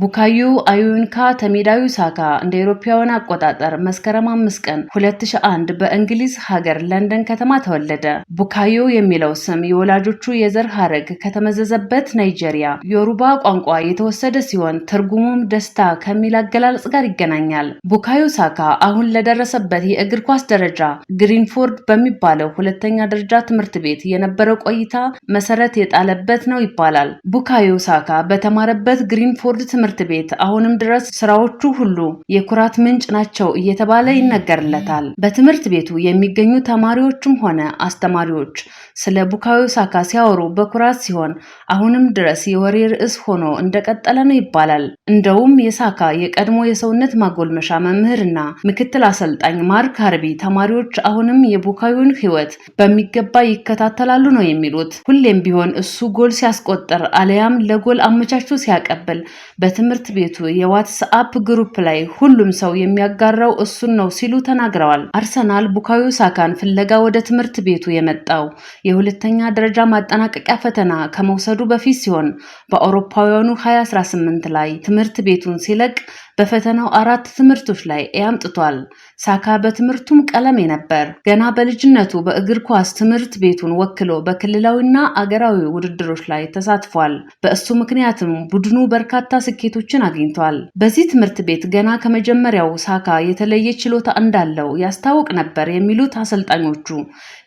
ቡካዩ አዩንካ ተሜዳዊ ሳካ እንደ አውሮፓውያን አቆጣጠር መስከረም አምስት ቀን 2001 በእንግሊዝ ሀገር ለንደን ከተማ ተወለደ። ቡካዮ የሚለው ስም የወላጆቹ የዘር ሐረግ ከተመዘዘበት ናይጄሪያ የሩባ ቋንቋ የተወሰደ ሲሆን ትርጉሙም ደስታ ከሚል አገላለጽ ጋር ይገናኛል። ቡካዮ ሳካ አሁን ለደረሰበት የእግር ኳስ ደረጃ ግሪንፎርድ በሚባለው ሁለተኛ ደረጃ ትምህርት ቤት የነበረው ቆይታ መሰረት የጣለበት ነው ይባላል። ቡካዮ ሳካ በተማረበት ግሪንፎርድ ትምህርት ትምህርት ቤት አሁንም ድረስ ስራዎቹ ሁሉ የኩራት ምንጭ ናቸው እየተባለ ይነገርለታል። በትምህርት ቤቱ የሚገኙ ተማሪዎችም ሆነ አስተማሪዎች ስለ ቡካዮ ሳካ ሲያወሩ በኩራት ሲሆን አሁንም ድረስ የወሬ ርዕስ ሆኖ እንደቀጠለ ነው ይባላል። እንደውም የሳካ የቀድሞ የሰውነት ማጎልመሻ መምህርና ምክትል አሰልጣኝ ማርክ ሀርቢ ተማሪዎች አሁንም የቡካዮን ህይወት በሚገባ ይከታተላሉ ነው የሚሉት። ሁሌም ቢሆን እሱ ጎል ሲያስቆጥር አለያም ለጎል አመቻችቶ ሲያቀብል በትምህርት ቤቱ የዋትስአፕ ግሩፕ ላይ ሁሉም ሰው የሚያጋራው እሱን ነው ሲሉ ተናግረዋል። አርሰናል ቡካዮ ሳካን ፍለጋ ወደ ትምህርት ቤቱ የመጣው የሁለተኛ ደረጃ ማጠናቀቂያ ፈተና ከመውሰዱ በፊት ሲሆን በአውሮፓውያኑ 2018 ላይ ትምህርት ቤቱን ሲለቅ በፈተናው አራት ትምህርቶች ላይ ኤ አምጥቷል። ሳካ በትምህርቱም ቀለሜ ነበር። ገና በልጅነቱ በእግር ኳስ ትምህርት ቤቱን ወክሎ በክልላዊና አገራዊ ውድድሮች ላይ ተሳትፏል። በእሱ ምክንያትም ቡድኑ በርካታ ስኬቶችን አግኝቷል። በዚህ ትምህርት ቤት ገና ከመጀመሪያው ሳካ የተለየ ችሎታ እንዳለው ያስታውቅ ነበር የሚሉት አሰልጣኞቹ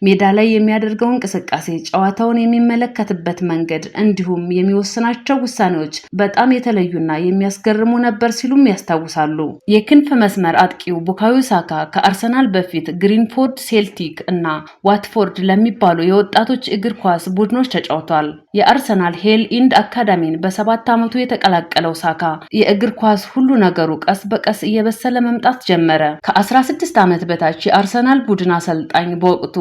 ሜዳ ላይ የሚያደርገው እንቅስቃሴ፣ ጨዋታውን የሚመለከትበት መንገድ እንዲሁም የሚወስናቸው ውሳኔዎች በጣም የተለዩና የሚያስገርሙ ነበር ሲሉም ያስታውሳሉ። የክንፍ መስመር አጥቂው ቡካዮ ሳካ ከአርሰናል በፊት ግሪንፎርድ ሴልቲክ እና ዋትፎርድ ለሚባሉ የወጣቶች እግር ኳስ ቡድኖች ተጫውቷል። የአርሰናል ሄል ኢንድ አካዳሚን በሰባት ዓመቱ የተቀላቀለው ሳካ የእግር ኳስ ሁሉ ነገሩ ቀስ በቀስ እየበሰለ መምጣት ጀመረ። ከ16 ዓመት በታች የአርሰናል ቡድን አሰልጣኝ በወቅቱ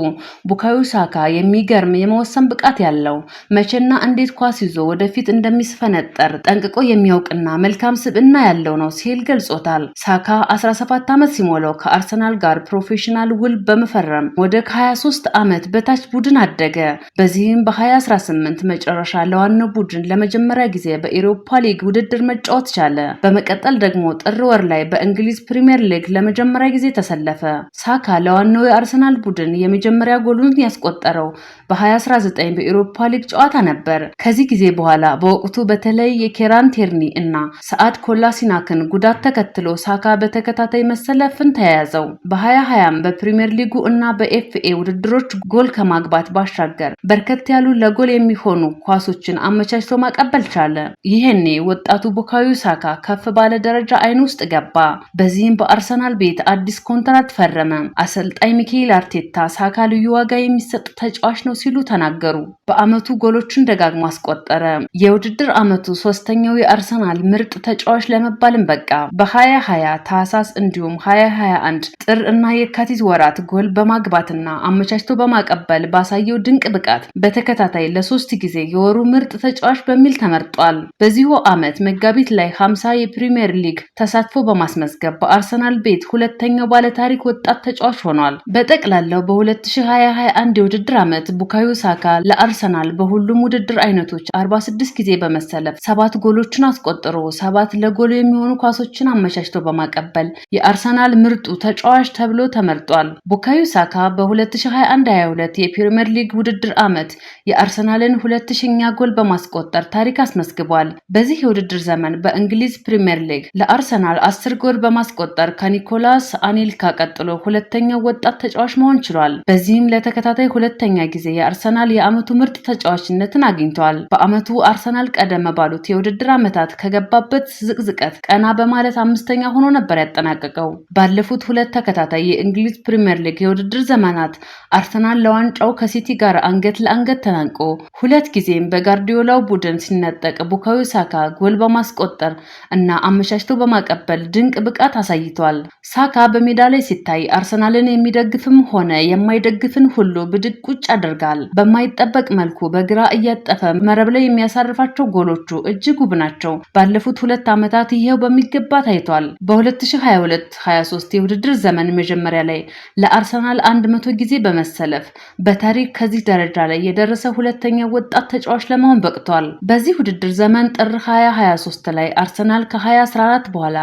ቡካዮ ሳካ የሚገርም የመወሰን ብቃት ያለው መቼና እንዴት ኳስ ይዞ ወደፊት እንደሚስፈነጠር ጠንቅቆ የሚያውቅና መልካም ስብዕና ያለው ነው ሲል ገልጾታል። ሳካ 17 ዓመት ሲሞላው ከአርሰናል ጋር ፕሮፌሽናል ውል በመፈረም ወደ 23 ዓመት በታች ቡድን አደገ። በዚህም በ2018 መጨረሻ ለዋናው ቡድን ለመጀመሪያ ጊዜ በኤሮፓ ሊግ ውድድር መጫወት ቻለ። በመቀጠል ደግሞ ጥር ወር ላይ በእንግሊዝ ፕሪምየር ሊግ ለመጀመሪያ ጊዜ ተሰለፈ። ሳካ ለዋናው የአርሰናል ቡድን የመጀመሪያ ጎሉን ያስቆጠረው በ2019 በኤሮፓ ሊግ ጨዋታ ነበር። ከዚህ ጊዜ በኋላ በወቅቱ በተለይ የኬራን ቴርኒ እና ሰዓድ ኮላሲናክን ጉዳት ተከትሎ ሳካ በተከታታይ መሰለፍን ተያያዘው። በ2020 በፕሪምየር ሊጉ እና በኤፍኤ ውድድሮች ጎል ከማግባት ባሻገር በርከት ያሉ ለጎል የሚሆኑ ኳሶችን አመቻችቶ ማቀበል ቻለ። ይሄኔ ወጣቱ ቡካዮ ሳካ ከፍ ባለ ደረጃ አይን ውስጥ ገባ። በዚህም በአርሰናል ቤት አዲስ ኮንትራት ፈረመ። አሰልጣኝ ሚካኤል አርቴታ ሳካ ልዩ ዋጋ የሚሰጥ ተጫዋች ነው ሲሉ ተናገሩ። በአመቱ ጎሎችን ደጋግሞ አስቆጠረ። የውድድር አመቱ ሶስተኛው የአርሰናል ምርጥ ተጫዋች ለመባልም በቃ። በቃ በ2020 ታህሳስ እንዲሁም 2021 ጥር እና የካቲት ወራት ጎል በማግባትና አመቻችቶ በማቀበል ባሳየው ድንቅ ብቃት በተከታታይ ለሶስት ጊዜ የወሩ ምርጥ ተጫዋች በሚል ተመርጧል። በዚሁ ዓመት መጋቢት ላይ 50 የፕሪምየር ሊግ ተሳትፎ በማስመዝገብ በአርሰናል ቤት ሁለተኛው ባለታሪክ ወጣት ተጫዋች ሆኗል። በጠቅላላው በ2021 የውድድር ዓመት ቡካዮ ሳካ ለአርሰናል በሁሉም ውድድር አይነቶች 46 ጊዜ በመሰለፍ ሰባት ጎሎችን አስቆጥሮ ሰባት ለጎል የሚሆኑ ኳሶችን አመቻችቶ በማቀበል የአርሰናል ምርጡ ተጫዋች ተብሎ ተመርጧል። ቡካዮ ሳካ በ2021/22 የፕሪምየር ሊግ ውድድር ዓመት የአርሰናልን ሁለት ሺኛ ጎል በማስቆጠር ታሪክ አስመዝግቧል። በዚህ የውድድር ዘመን በእንግሊዝ ፕሪምየር ሊግ ለአርሰናል አስር ጎል በማስቆጠር ከኒኮላስ አኔልካ ቀጥሎ ሁለተኛው ወጣት ተጫዋች መሆን ችሏል። በዚህም ለተከታታይ ሁለተኛ ጊዜ የአርሰናል የዓመቱ ምርጥ ተጫዋችነትን አግኝቷል። በዓመቱ አርሰናል ቀደም ባሉት የውድድር ዓመታት ከገባበት ዝቅዝቀት ቀና በማለት አምስተኛ ሆኖ ነበር ያጠናቀቀው። ባለፉት ሁለት ተከታታይ የእንግሊዝ ፕሪምየር ሊግ የውድድር ዘመናት አርሰናል ለዋንጫው ከሲቲ ጋር አንገት ለአንገት ተናንቆ ሁለት ጊዜም በጋርዲዮላው ቡድን ሲነጠቅ ቡካዮ ሳካ ጎል በማስቆጠር እና አመቻችቶ በማቀበል ድንቅ ብቃት አሳይቷል። ሳካ በሜዳ ላይ ሲታይ አርሰናልን የሚደግፍም ሆነ የማይደግፍን ሁሉ ብድግ ቁጭ ያደርጋል። በማይጠበቅ መልኩ በግራ እያጠፈ መረብ ላይ የሚያሳርፋቸው ጎሎቹ እጅግ ውብ ናቸው። ባለፉት ሁለት ዓመታት ይሄው በሚ በሚገባ ታይቷል። በ2022/23 የውድድር ዘመን መጀመሪያ ላይ ለአርሰናል 100 ጊዜ በመሰለፍ በታሪክ ከዚህ ደረጃ ላይ የደረሰ ሁለተኛ ወጣት ተጫዋች ለመሆን በቅቷል። በዚህ ውድድር ዘመን ጥር 2023 ላይ አርሰናል ከ2014 በኋላ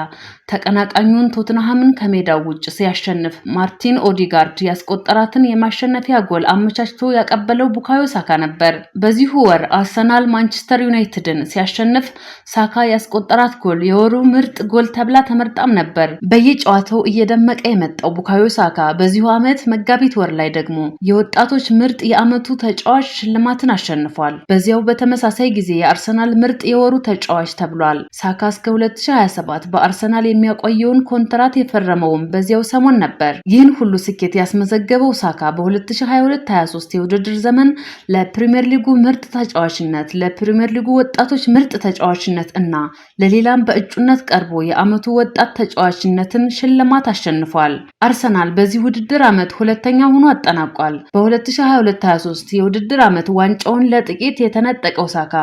ተቀናቃኙን ቶትንሃምን ከሜዳው ውጭ ሲያሸንፍ ማርቲን ኦዲጋርድ ያስቆጠራትን የማሸነፊያ ጎል አመቻችቶ ያቀበለው ቡካዮ ሳካ ነበር። በዚሁ ወር አርሰናል ማንቸስተር ዩናይትድን ሲያሸንፍ ሳካ ያስቆጠራት ጎል የወሩ ምርጥ ምርጥ ጎል ተብላ ተመርጣም ነበር። በየጨዋታው እየደመቀ የመጣው ቡካዮ ሳካ በዚሁ ዓመት መጋቢት ወር ላይ ደግሞ የወጣቶች ምርጥ የዓመቱ ተጫዋች ሽልማትን አሸንፏል። በዚያው በተመሳሳይ ጊዜ የአርሰናል ምርጥ የወሩ ተጫዋች ተብሏል። ሳካ እስከ 2027 በአርሰናል የሚያቆየውን ኮንትራት የፈረመውም በዚያው ሰሞን ነበር። ይህን ሁሉ ስኬት ያስመዘገበው ሳካ በ2022/23 የውድድር ዘመን ለፕሪምየር ሊጉ ምርጥ ተጫዋችነት፣ ለፕሪምየር ሊጉ ወጣቶች ምርጥ ተጫዋችነት እና ለሌላም በእጩነት ቀር ቀርቦ የዓመቱ ወጣት ተጫዋችነትን ሽልማት አሸንፏል። አርሰናል በዚህ ውድድር ዓመት ሁለተኛ ሆኖ አጠናቋል። በ2022/23 የውድድር ዓመት ዋንጫውን ለጥቂት የተነጠቀው ሳካ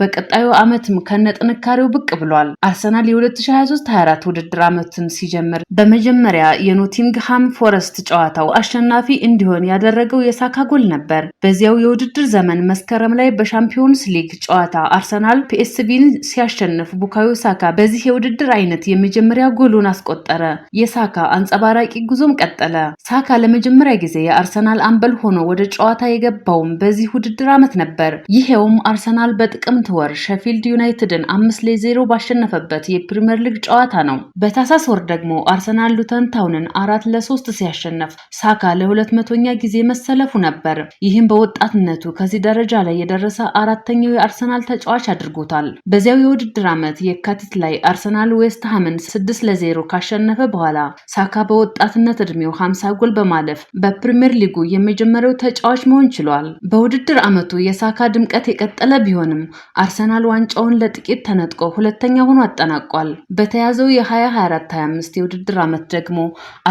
በቀጣዩ ዓመትም ከነጥንካሬው ብቅ ብሏል። አርሰናል የ2023/24 ውድድር ዓመትን ሲጀምር በመጀመሪያ የኖቲንግሃም ፎረስት ጨዋታው አሸናፊ እንዲሆን ያደረገው የሳካ ጎል ነበር። በዚያው የውድድር ዘመን መስከረም ላይ በሻምፒዮንስ ሊግ ጨዋታ አርሰናል ፒኤስቪን ሲያሸንፍ ቡካዮ ሳካ በዚህ የውድድር በብድር አይነት የመጀመሪያ ጎሉን አስቆጠረ። የሳካ አንጸባራቂ ጉዞም ቀጠለ። ሳካ ለመጀመሪያ ጊዜ የአርሰናል አምበል ሆኖ ወደ ጨዋታ የገባውም በዚህ ውድድር ዓመት ነበር። ይሄውም አርሰናል በጥቅምት ወር ሸፊልድ ዩናይትድን አምስት ለዜሮ ባሸነፈበት የፕሪምየር ሊግ ጨዋታ ነው። በታሳስ ወር ደግሞ አርሰናል ሉተን ታውንን አራት ለሶስት ሲያሸነፍ ሳካ ለሁለት መቶኛ ጊዜ መሰለፉ ነበር። ይህም በወጣትነቱ ከዚህ ደረጃ ላይ የደረሰ አራተኛው የአርሰናል ተጫዋች አድርጎታል። በዚያው የውድድር ዓመት የካቲት ላይ አርሰናል ዌስትሃምን ስድስት ለዜሮ ካሸነፈ በኋላ ሳካ በወጣትነት ዕድሜው 50 ጎል በማለፍ በፕሪምየር ሊጉ የመጀመሪያው ተጫዋች መሆን ችሏል። በውድድር ዓመቱ የሳካ ድምቀት የቀጠለ ቢሆንም አርሰናል ዋንጫውን ለጥቂት ተነጥቆ ሁለተኛ ሆኖ አጠናቋል። በተያዘው የ2024/25 የውድድር ዓመት ደግሞ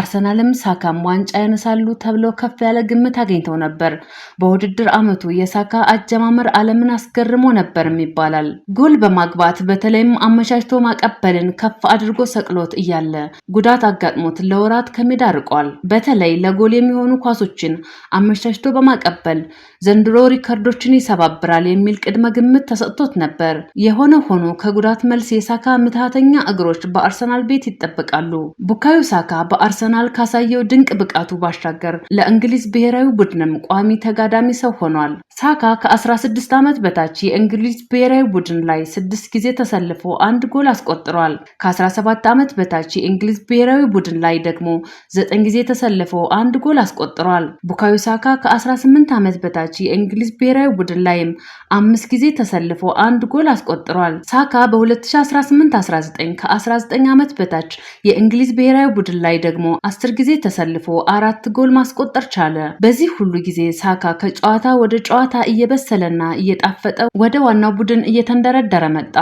አርሰናልም ሳካም ዋንጫ ያነሳሉ ተብለው ከፍ ያለ ግምት አግኝተው ነበር። በውድድር ዓመቱ የሳካ አጀማመር ዓለምን አስገርሞ ነበርም ይባላል። ጎል በማግባት በተለይም አመቻችቶ ማቀበልን ከፍ አድርጎ ሰቅሎት እያለ ጉዳት አጋጥሞት ለወራት ከሜዳ ርቋል። በተለይ ለጎል የሚሆኑ ኳሶችን አመቻችቶ በማቀበል ዘንድሮ ሪከርዶችን ይሰባብራል የሚል ቅድመ ግምት ተሰጥቶት ነበር። የሆነ ሆኖ ከጉዳት መልስ የሳካ ምትሃተኛ እግሮች በአርሰናል ቤት ይጠበቃሉ። ቡካዮ ሳካ በአርሰናል ካሳየው ድንቅ ብቃቱ ባሻገር ለእንግሊዝ ብሔራዊ ቡድንም ቋሚ ተጋዳሚ ሰው ሆኗል። ሳካ ከ16 ዓመት በታች የእንግሊዝ ብሔራዊ ቡድን ላይ ስድስት ጊዜ ተሰልፎ አንድ ጎል አስቆጥሯል። ከ17 ዓመት በታች የእንግሊዝ ብሔራዊ ቡድን ላይ ደግሞ ዘጠኝ ጊዜ ተሰልፈው አንድ ጎል አስቆጥሯል። ቡካዮ ሳካ ከ18 ዓመት በታች የእንግሊዝ ብሔራዊ ቡድን ላይም አምስት ጊዜ ተሰልፎ አንድ ጎል አስቆጥሯል። ሳካ በ2018-19 ከ19 ዓመት በታች የእንግሊዝ ብሔራዊ ቡድን ላይ ደግሞ አስር ጊዜ ተሰልፎ አራት ጎል ማስቆጠር ቻለ። በዚህ ሁሉ ጊዜ ሳካ ከጨዋታ ወደ ጨዋታ እየበሰለና እየጣፈጠ ወደ ዋናው ቡድን እየተንደረደረ መጣ።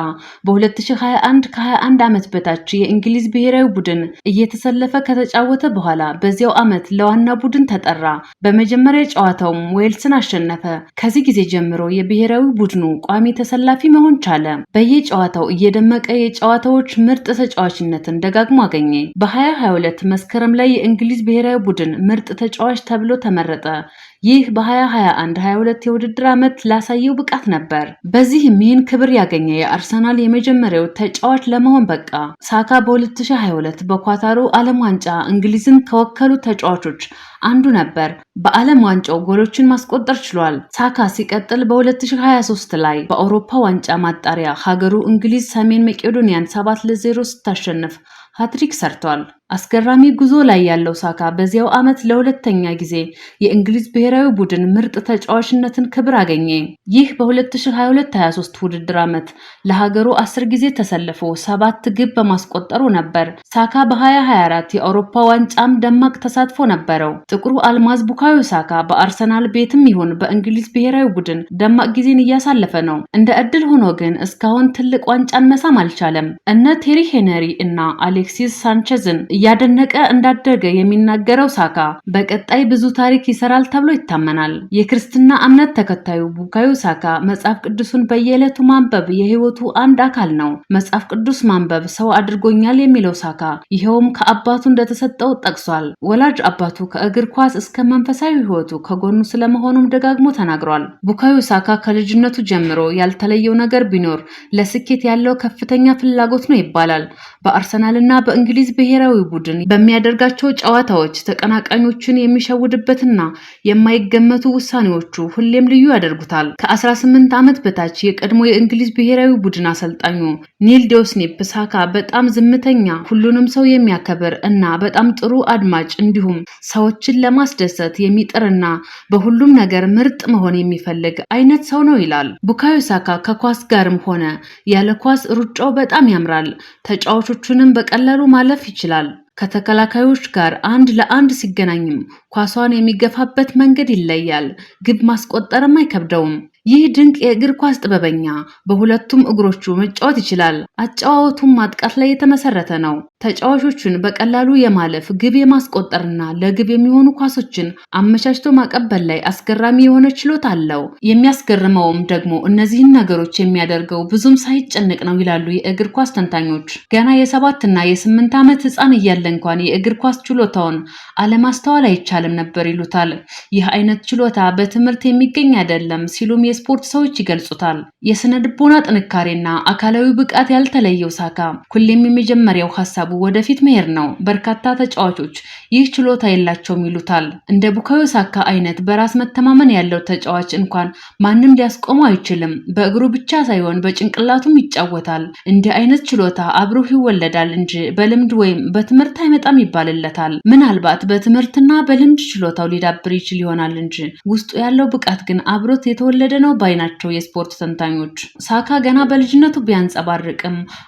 በ2021 ከ21 ዓመት በታች የእንግሊዝ ብሔራዊ ቡድን እየተሰለፈ ከተጫወተ በኋላ በዚያው ዓመት ለዋና ቡድን ተጠራ። በመጀመሪያ ጨዋታውም ዌልስን አሸነፈ። ከዚህ ጊዜ ጀምሮ የብሔራዊ ቡድኑ ቋሚ ተሰላፊ መሆን ቻለ። በየጨዋታው እየደመቀ የጨዋታዎች ምርጥ ተጫዋችነትን ደጋግሞ አገኘ። በ2022 መስከረም ላይ የእንግሊዝ ብሔራዊ ቡድን ምርጥ ተጫዋች ተብሎ ተመረጠ። ይህ በ2021/22 የውድድር ዓመት ላሳየው ብቃት ነበር። በዚህም ይህን ክብር ያገኘ የአርሰናል የመጀመሪያው ተጫዋች ለመሆን በቃ። ሳካ በ2022 በኳታሩ ዓለም ዋንጫ እንግሊዝን ከወከሉ ተጫዋቾች አንዱ ነበር። በዓለም ዋንጫው ጎሎችን ማስቆጠር ችሏል። ሳካ ሲቀጥል በ2023 ላይ በአውሮፓ ዋንጫ ማጣሪያ ሀገሩ እንግሊዝ ሰሜን መቄዶንያን 7 ለ0 ስታሸንፍ ሃትሪክ ሰርቷል። አስገራሚ ጉዞ ላይ ያለው ሳካ በዚያው ዓመት ለሁለተኛ ጊዜ የእንግሊዝ ብሔራዊ ቡድን ምርጥ ተጫዋችነትን ክብር አገኘ። ይህ በ2022-23 ውድድር ዓመት ለሀገሩ አስር ጊዜ ተሰልፎ ሰባት ግብ በማስቆጠሩ ነበር። ሳካ በ2024 የአውሮፓ ዋንጫም ደማቅ ተሳትፎ ነበረው። ጥቁሩ አልማዝ ቡካዮ ሳካ በአርሰናል ቤትም ይሁን በእንግሊዝ ብሔራዊ ቡድን ደማቅ ጊዜን እያሳለፈ ነው። እንደ ዕድል ሆኖ ግን እስካሁን ትልቅ ዋንጫን መሳም አልቻለም። እነ ቴሪ ሄነሪ እና አሌክሲስ ሳንቼዝን እያደነቀ እንዳደገ የሚናገረው ሳካ በቀጣይ ብዙ ታሪክ ይሰራል ተብሎ ይታመናል። የክርስትና እምነት ተከታዩ ቡካዮ ሳካ መጽሐፍ ቅዱሱን በየዕለቱ ማንበብ የህይወቱ አንድ አካል ነው። መጽሐፍ ቅዱስ ማንበብ ሰው አድርጎኛል የሚለው ሳካ ይኸውም ከአባቱ እንደተሰጠው ጠቅሷል። ወላጅ አባቱ ከእግር ኳስ እስከ መንፈሳዊ ህይወቱ ከጎኑ ስለመሆኑም ደጋግሞ ተናግሯል። ቡካዮ ሳካ ከልጅነቱ ጀምሮ ያልተለየው ነገር ቢኖር ለስኬት ያለው ከፍተኛ ፍላጎት ነው ይባላል። በአርሰናልና በእንግሊዝ ብሔራዊ ቡድን በሚያደርጋቸው ጨዋታዎች ተቀናቃኞቹን የሚሸውድበትና የማይገመቱ ውሳኔዎቹ ሁሌም ልዩ ያደርጉታል። ከ18 ዓመት በታች የቀድሞ የእንግሊዝ ብሔራዊ ቡድን አሰልጣኙ ኒል ዴውስኔፕ ሳካ በጣም ዝምተኛ፣ ሁሉንም ሰው የሚያከብር እና በጣም ጥሩ አድማጭ እንዲሁም ሰዎችን ለማስደሰት የሚጥርና በሁሉም ነገር ምርጥ መሆን የሚፈልግ አይነት ሰው ነው ይላል። ቡካዮ ሳካ ከኳስ ጋርም ሆነ ያለ ኳስ ሩጫው በጣም ያምራል። ተጫዋቾቹንም በቀላሉ ማለፍ ይችላል። ከተከላካዮች ጋር አንድ ለአንድ ሲገናኝም ኳሷን የሚገፋበት መንገድ ይለያል። ግብ ማስቆጠርም አይከብደውም። ይህ ድንቅ የእግር ኳስ ጥበበኛ በሁለቱም እግሮቹ መጫወት ይችላል። አጨዋወቱም ማጥቃት ላይ የተመሰረተ ነው። ተጫዋቾቹን በቀላሉ የማለፍ ግብ የማስቆጠርና ለግብ የሚሆኑ ኳሶችን አመቻችቶ ማቀበል ላይ አስገራሚ የሆነ ችሎታ አለው። የሚያስገርመውም ደግሞ እነዚህን ነገሮች የሚያደርገው ብዙም ሳይጨንቅ ነው ይላሉ የእግር ኳስ ተንታኞች። ገና የሰባትና የስምንት ዓመት ሕፃን እያለ እንኳን የእግር ኳስ ችሎታውን አለማስተዋል አይቻልም ነበር ይሉታል። ይህ አይነት ችሎታ በትምህርት የሚገኝ አይደለም ሲሉም የስፖርት ሰዎች ይገልጹታል። የስነ ልቦና ጥንካሬና አካላዊ ብቃት ያልተለየው ሳካ ሁሌም የመጀመሪያው ሀሳቡ ወደፊት መሄድ ነው። በርካታ ተጫዋቾች ይህ ችሎታ የላቸውም ይሉታል። እንደ ቡካዮ ሳካ አይነት በራስ መተማመን ያለው ተጫዋች እንኳን ማንም ሊያስቆመው አይችልም። በእግሩ ብቻ ሳይሆን በጭንቅላቱም ይጫወታል። እንዲህ አይነት ችሎታ አብሮህ ይወለዳል እንጂ በልምድ ወይም በትምህርት አይመጣም ይባልለታል። ምናልባት በትምህርትና በልምድ ችሎታው ሊዳብር ይችል ይሆናል እንጂ ውስጡ ያለው ብቃት ግን አብሮት የተወለደ ነው ነው ባይ ናቸው የስፖርት ተንታኞች። ሳካ ገና በልጅነቱ ቢያንጸባርቅም